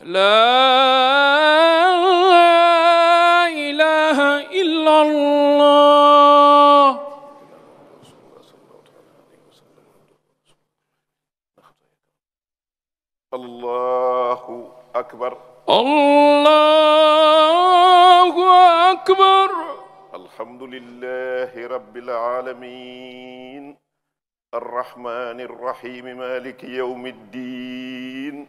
laa ilaaha illallah allahu akbar allahu akbar alhamdulillahi rabbil aalamiin arrahmaani rrahiim maaliki yawmi ddiin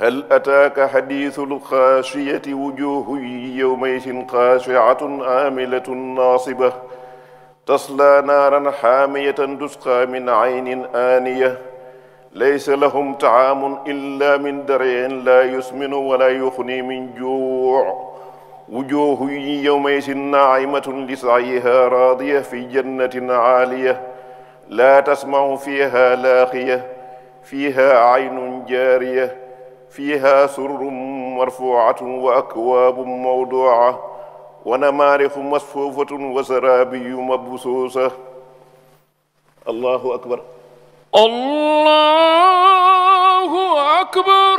hal ataaka xadiisul xaashiyati wujuuhun yawmaydin xaashi'atun aamilatun naasiba taslaa naaran xaamiyatan tusqaa min aynin aaniya laysa lahum taamun illa min dar'in laa yusminu wa laa yuxnii min juu' wujuuhun yawmaydin naa'imatun li sa'yihaa raadiya fi jannatin 'aaliya laa tasma'u fiihaa laaxiya fiihaa aynun jaariya فيها سرر مرفوعة وأكواب موضوعة ونمارق مصفوفة وزرابي مبثوثة الله أكبر الله أكبر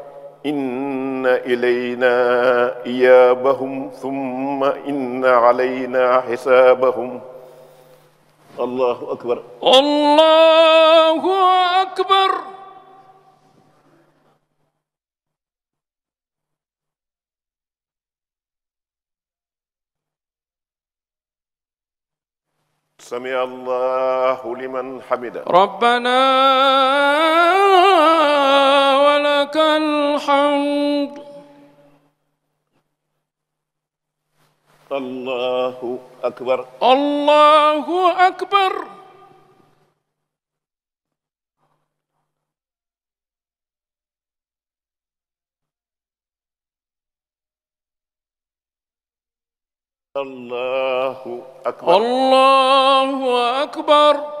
inna ilayna iyaabahum summa inna alayna xisaabahum allahu akbar allahu akbar sami allahu liman hamida rabbana الحمد الله أكبر الله أكبر الله أكبر الله أكبر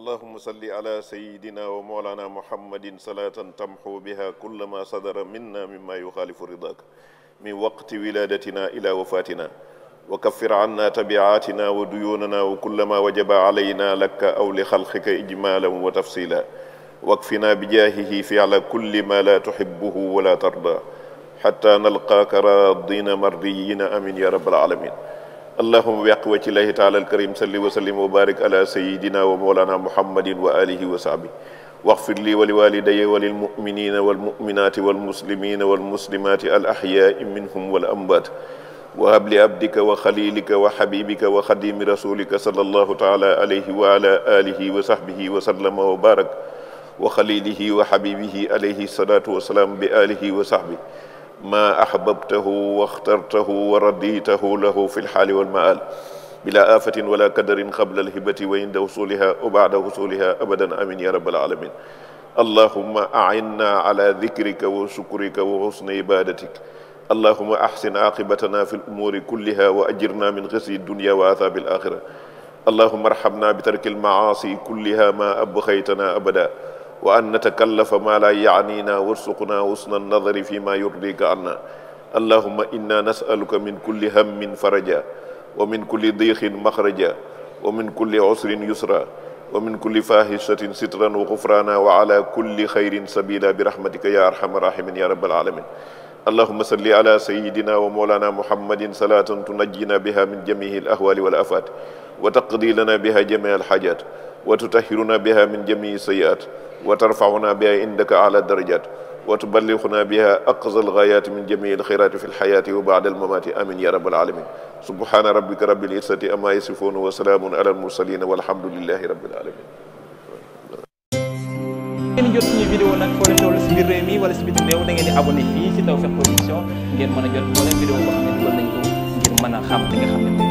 allahuma salli ala sayidina wa moolana muhammadin salaatan tamxu biha kulla ma sadara minna mima yuxaalifu ridaak min waqti wilaadatina ila wafatina wa kaffir anna tabiatina wa duyuunana wa kulla ma wajaba alayna lakka aw li xalqika ijmaalan wa tafsila wakfina bijaahihi fiala kulli ma la tuxibuhu wala tarda xatta nalqaaka raadina mardiyina amin ya rabbal alamin allahuma bi àq waccilahi taala alkarim salli wa sallim wa barik ala sayidina wa moolana muhammadin wa alihi wa sahbi waxfir lii wa liwalidaya wa lilmuminina walmuminati walmuslimina walmuslimati al axyaai minhum wal amwaat wa habli abdika wa xalilika wa xabibika wa xadimi rasulika sallallahu taala alayhi wa ala alihi wa sahbihi wa sallama wa barak wa xalilihi wa xabibihi alayhi salaatu wasalaam bi alihi wa sahbi ما أحببته واخترته ورديته له في الحال والمآل بلا آفة ولا كدر قبل الهبة وعند وصولها وبعد وصولها أبدا آمين يا رب العالمين اللهم أعنا على ذكرك وشكرك وحسن عبادتك اللهم أحسن عاقبتنا في الأمور كلها وأجرنا من خزي الدنيا وعذاب الآخرة اللهم ارحمنا بترك المعاصي كلها ما أبخيتنا أبدا wa an natakallafa ma la yaaniina warsuqna husna annadari fi ma yurdika anna allahuma inna nasaluka min kulli hammin faraja wa min kulli diixin maxraja wa min kulli usrin yusra wa min kulli fahishatin sitran wa xufraana wa ala kulli xayrin sabila bi rahmatika ya arhama rahimin ya rabbal alamin allahuma salli ala sayidina wa moolana muhammadin salaatan tunajjina biha min jamihi al ahwali wal afaat wa taqdi lana biha jami al xaajat wa tutahhiruna biha min jamii sayiat wa tarfauna biha indaka ala darajat wa tuballighuna biha aqsal ghayati min jamii alxirati fi lxayati wa ba'da almamati amin ya rabbal alamin subhana rabbika rabbil izzati amma yasifun wa salaamun ala almursalin walhamdulillahi rabbil alamin ngeen jot ñu vidéo nag foo leen toll si biir réew mi wala si biti réew da ngeen di abonné fii si Tawfekh Production ngeen mën a jot moo leen vidéo boo xam ne dugal nañ ko ngir mën a xam li nga xam ne